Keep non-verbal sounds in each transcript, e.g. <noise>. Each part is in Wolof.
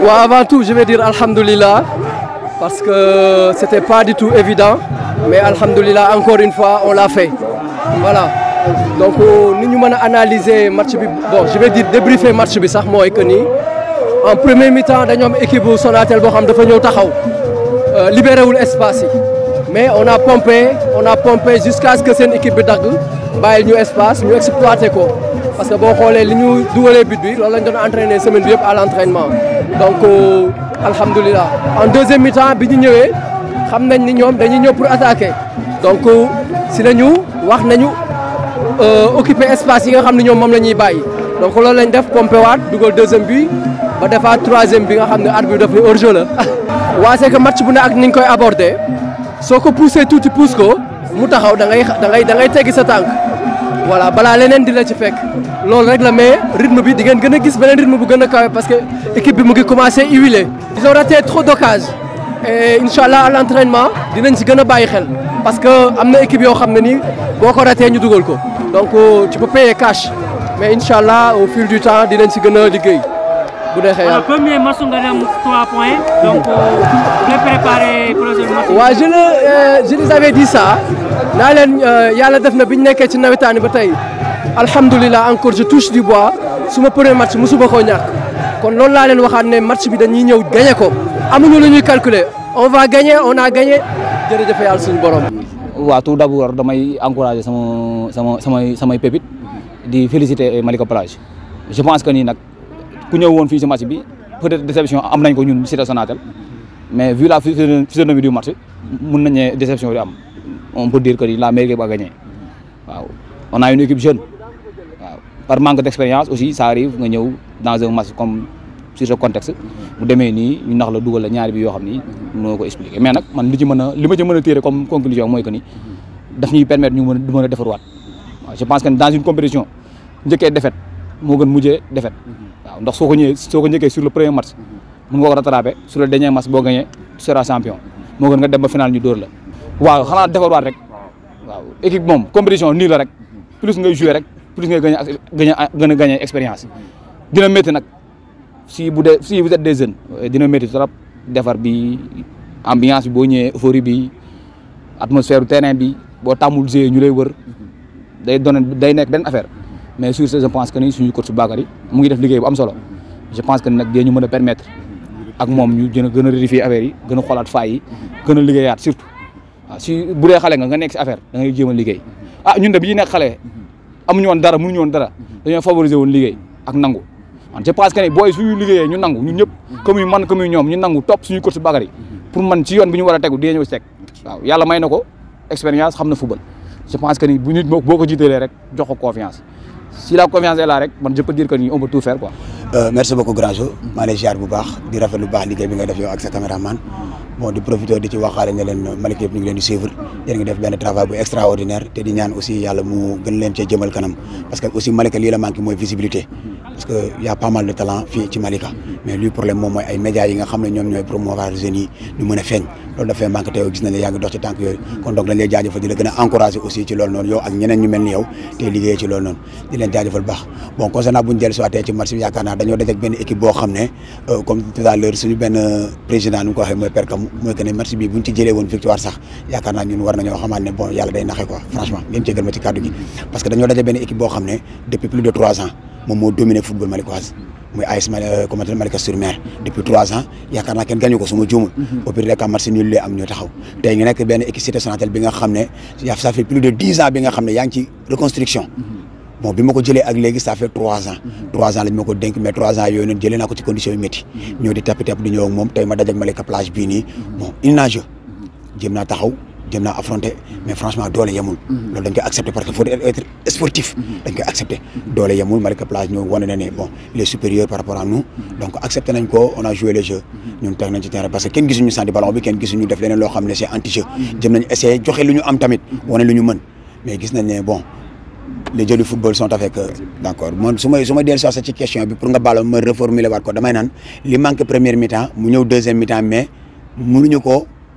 Ouais, avant tout, je vais dire Alhamdulillah, parce que c'était pas du tout évident, mais Alhamdulillah, encore une fois, on l'a fait. Voilà. Donc, euh, nous avons analysé le match. Bon, je vais dire débriefer le match, ça, moi En premier mi-temps, nous avons équipe de libérer l'espace. Mais on a pompé, on a pompé jusqu'à ce que cette équipe de ait l'espace, espace, nous exploiter quoi parce que boo xolé li ñu dugalee but bi loolu lañ doon entraîné semaine bi yépp à l'entraînement entraînement donc euh, alhamdulilah en deuxième mi-temps bi ñu ñëwé xam nañ ni ñoom dañuy ñëw pour attaquer donc euh, si la wax nañu euh, occuper espace yi nga xam ne ñoom moom la ñuy bàyyi donc loolu lañ def pompé waat dugal deuxième bi ba defaat troisième bi nga xam ne arbitre daf ni hors-jeu la. <laughs> waa c'est que match bu ne ak ni ñu koy aborder soo ko poussé tuuti pousse ko mu taxaw da ngay da ngay da ngay teggi sa tànk voilà balaa leneen di la ci fekk loolu rek la mais rythme bi di ngeen gëna gis beneen rythme bu gën kawé parce que équipe bi mu ngi commencé huilé ils ont raté trop d'occasions et inshallah, à l'entraînement dinañ si gën a bàyyi xel parce que amna équipe yo xamné ni boko raté ñu duggal ko donc euh, tu peux payer cash mais inshallah, au fil du temps dinañ si gën a liggéey bu dee xëy premier match nga dem 3 points donc nga euh, préparé projet match. waaw je le euh, je les avais dit ça naa leen yalla def na bi ñu ci nawetaan ba tay alhamdulilah encore je touche du bois mon premier match musuma koo ñàkk kon loolu l'on leen dit, ne match bi dañuy ñëw gagné ko amuñu lu ñuy calculer on va gagner on a gagné jërëjëf yàlla suñu borom. waaw tout d'abord damay encourager sama sama samay pépite di féliciter Malika Plage je pense que nous nag ku ñëw woon fii match bi peut-être déception am nañ ko ñun Cité mais vu la physionomie du match mun nañ ne déception bi am on peut dire que la meilleure équipe a gagné waaw on a une équipe jeune. par manque d'expérience aussi ça arrive nga ñëw dans un match comme sur ce contexte mu demee nii ñu nax la dugal la ñaari bi yoo xam ni noo ko expliquer mais nag man li ci mën a li ma ci mën comme conclusion mooy que ni daf ñuy permettre ñu mën mën a defarwaat waaw je pense que dans une compétition njëkkee défaite moo gën mujjee défaite waaw ndax soo ko ñëwee soo ko njëkkee sur le premier match mun nga ko rattraper sur le dernier match boo gagné tu seras champion moo gën nga dem ba final ñu dóor la waaw xanaa waaw équipe moom compétition nii la rek plus rek plus ngay gagné gagné a gagné expérience dina metti nag si bu dee si vous êtes des jeunes eh, dina métti trop defar bi ambiance boo ñëwee euphorie bi atmosphère terrain bi boo tàmmul jeu ñu lay wër day doon day nekk benn affaire mais sur ce je pense que ni suñu coach Bakary mu ngi def liggéey bu am solo je pense que nag ñu mën a permettre ak moom ñu jën a gën a rectifier affaire yi gën a xoolaat faay yi a liggéeyaat surtout waaw ah, si bu dee xale nga nga nekk si affaire da ngay jéem a liggéey ah, amuñu woon dara mënuñu woon dara mhm. dañoo favoriser woon liggéey ak nangu man je pense que ne booy suñu liggéeyee ñu nangu ñun ñëpp mhm. comme yu man comme ñoom ñu nangu topp suñu course bagar yi mhm. pour man ci yoon bi ñu war a tegu dina ñëw seeg waaw yàlla may ko expérience xam na football je pense que ni bu nit boo ko jiitalee rek jox ko confiance si la confiance est là rek man je peux dire que tout faire quoi Euh, merci beaucoup grand jo maa lay ziar bu baax di rafet lu baax liggéey bi nga def yow ak sa caméraman bon di profiter di ci waxaale ne leen Malick yëpp ngi leen di suivre yéen ngi def benn travail bu extraordinaire te di ñaan aussi yàlla mu gën leen cee jëmal kanam parce que aussi Malick lii la manqué mooy visibilité que y a pas mal de talent fi ci Malika mais luy problème moom mooy ay médias yi nga xamné ñom ñoy ñooy promouvoir jeunes yi ñu mëna a lolu da dafay manqué tey gis nañ ne yaa dox ci tànk yooyu kon donc dañ lay jaajëfal di la gëna encourager aussi ci lolu non yow ak ñeneen ñu melni yow té liggéey ci lolu non di leen jaajëfal bax bon concernant bu ñu dellu siwaatee ci match bi yaakaar naa dañoo ak benn équipe bo xamné ne euh, comme tout à l'heure suñu ben président ñu mu ko waxee mooy perkam moy que né match bi buñ ci jëlé won victoire sax yakarna ñun war nañu xamanté bon yalla day naxé quoi franchement ngeen ci ma ci kàddu gi parce que dañu dajé ben équipe bo xamné depuis plus de 3 ans moom moo dominé football malikoise muy AS euh, comment Malika sur mer depuis 3 ans yakarna ken gagnou ko suma juumul mhm. au pire rek match nul lay am ñu taxaw tay ñu nek ben équipe cité bi nga xamné ça fait plus de 10 ans bi nga xamné ne ci reconstruction mhm. bon bima ko jëlee ak légui ça fait 3 ans 3 mhm. ans lañ ma denk mais 3 ans yooyu ñu jëlee nako ci condition yu metti ñoo di tapitap di ñëw ak mom tay ma dajak Malika plage bi ni bon il nage jéem naa taxaw je naa mais franchement doole yemul. Mm. loolu dañ koy accepter parce que faut être sportif. Mm-hmm. dañ accepter accepté doole yemul Malika Plage ñu wane na bon il est supérieur par rapport à nous. Mm-hmm. donc accepter nañ ko on a joué le jeu. Mm-hmm. ñun teg nañ ci terrain parce que qui gisuñu sànni ballon bi kenn gisuñu def leneen loo xam c'est anti jeu. jëm nañ essayé joxe lu ñu am tamit. wane lu ñu mën mais gis nañ ne bon. les jeux du football sont avec d'accord man su may su may sur ci question bi pour nga baal me reformuler waat ko damay naan li manque première mi-temps mu ñëw deuxième mi-temps mais mënuñu ko.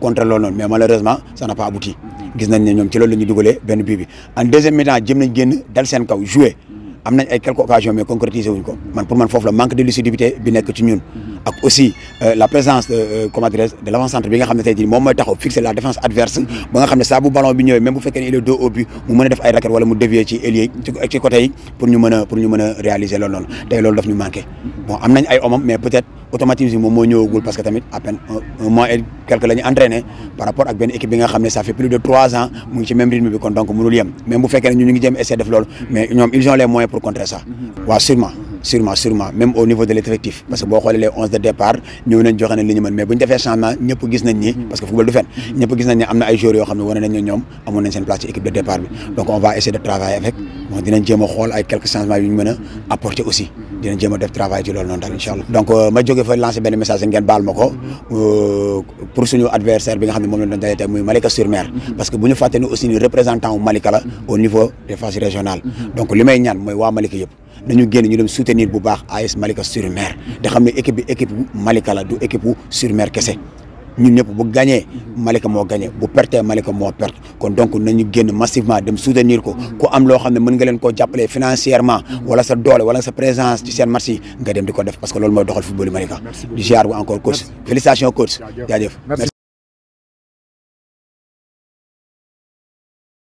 contre l'ONU mais malheureusement ça n'a pas abouti gis nañ ne nous ci loolu ñu bi en deuxième mi-temps jëm nañ génn dal seen kaw jouer am nañ ay quelques occasions mais concrétiser wuñ ko man pour man foofu la manque de lucidité bi nekk ci ñun ak aussi euh, la présence euh, comment adresse de l'avant-centre bi nga xam ne tey jii taxaw fixer la défense adverse ba nga xam ne bu ballon bi même bu faites ne il est dos au but mu mën a def ay raquettes wala mu dévier ci ailier ci côté yi pour ñu mën pour ñu mën réaliser lolu noonu tey loolu daf ñu manquer bon am nañ ay homam mais peut-être automatiquement moom moo ñëwagul parce que tamit à peine un mois et quelque lañu entraîner entraîné par rapport à ben équipe bi nga xamné ça fait plus de trois ans mu ci même rythme bi kon donc mënul yam mais bu fekkee ne ñu ngi jëm essayer def lolu mais ñom ils ont les moyens pour contrer ça mm-hmm. wa sûrement sûrement sûrement même au niveau de l'effectif parce que boo xoolee les onze de départ ñëw nañ joxe nañ li ñu mën mais bu ñu defee changement ñëpp gis nañ ni parce que football du fen ñëpp gis nañ ni am na ay joueurs yoo xam ne wane nañ ne ñoom amoon nañ seen place ci équipe de départ bi donc on va essayer de travailler avec bon dinañ jéem a xool ay quelques changements yu ñu mën apporter aussi dinañ jéem a def travail ci loolu noonu daal incha allah donc euh, ma jógee fa lancer benn message ngeen baal ma euh, pour suñu adversaire bi nga xam ne moom la doon daje tey muy Malika sur Mer parce que bu ñu fàtte ni aussi ni représentant Malika au niveau des phases régionales donc li may ñaan mooy waa Malika yëpp nañu génn ñu dem soutenir bu baax AS Malika sur mer te xam équipe bi équipe Malika la du équipe sur mer kese ñun ñëpp bu gagner Malika moo gagner. bu perte Malika moo perdre. kon donc nañu génn massivement dem soutenir ko ku am loo xam ne mën nga leen financièrement wala sa doole wala sa présence ci seen match yi nga dem di ko def parce que loolu mooy doxal football Malika di ziar bu encore coach Félicitations coach jaajëf